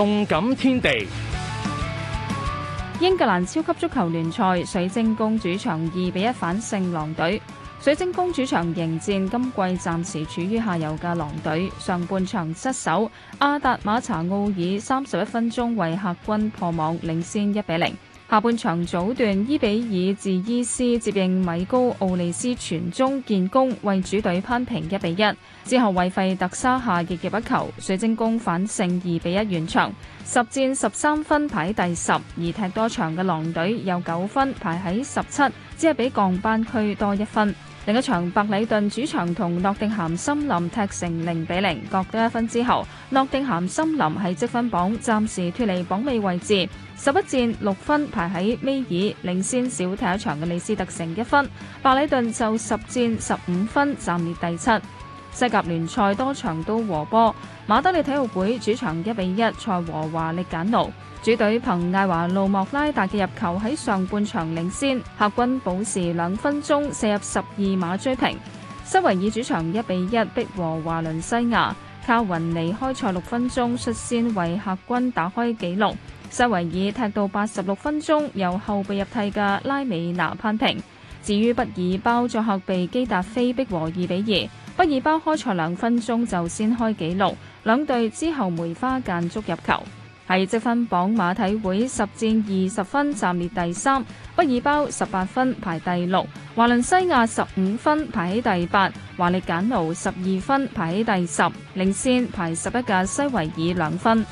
動感天地，英格蘭超級足球聯賽，水晶宮主場二比一反勝狼隊。水晶宮主場迎戰今季暫時處於下游嘅狼隊，上半場失守，阿達馬查奧爾三十一分鐘為客軍破網，領先一比零。下半場早段，伊比爾治伊斯接應米高奧利斯傳中建功，為主隊扳平一比一。之後，韋費特沙夏結結一球，水晶宮反勝二比一完場。十戰十三分排第十，而踢多場嘅狼隊有九分排喺十七，只係比降班區多一分。另一場，白禮頓主場同諾定咸森林踢成零比零，各得一分之後，諾定咸森林喺積分榜暫時脫離榜尾位置，十一戰六分排喺尾二，領先少踢一場嘅利斯特城一分。白禮頓就十戰十五分，暫列第七。西甲聯賽多場都和波，馬德里體育會主場一比一賽和華力簡奴，主隊憑艾華路莫拉達嘅入球喺上半場領先，客軍保持兩分鐘射入十二碼追平。西維爾主場一比一逼和華倫西亞，卡雲尼開賽六分鐘率先為客軍打開紀錄，西維爾踢到八十六分鐘由後備入替嘅拉美拿攀平。至於不爾包作客被基達菲逼和二比二。畢爾包開賽兩分鐘就先開紀錄，兩隊之後梅花間竹入球。喺積分榜馬體會十戰二十分暫列第三，畢爾包十八分排第六，華倫西亞十五分排喺第八，華力簡奴十二分排喺第十，領先排十一嘅西維爾兩分。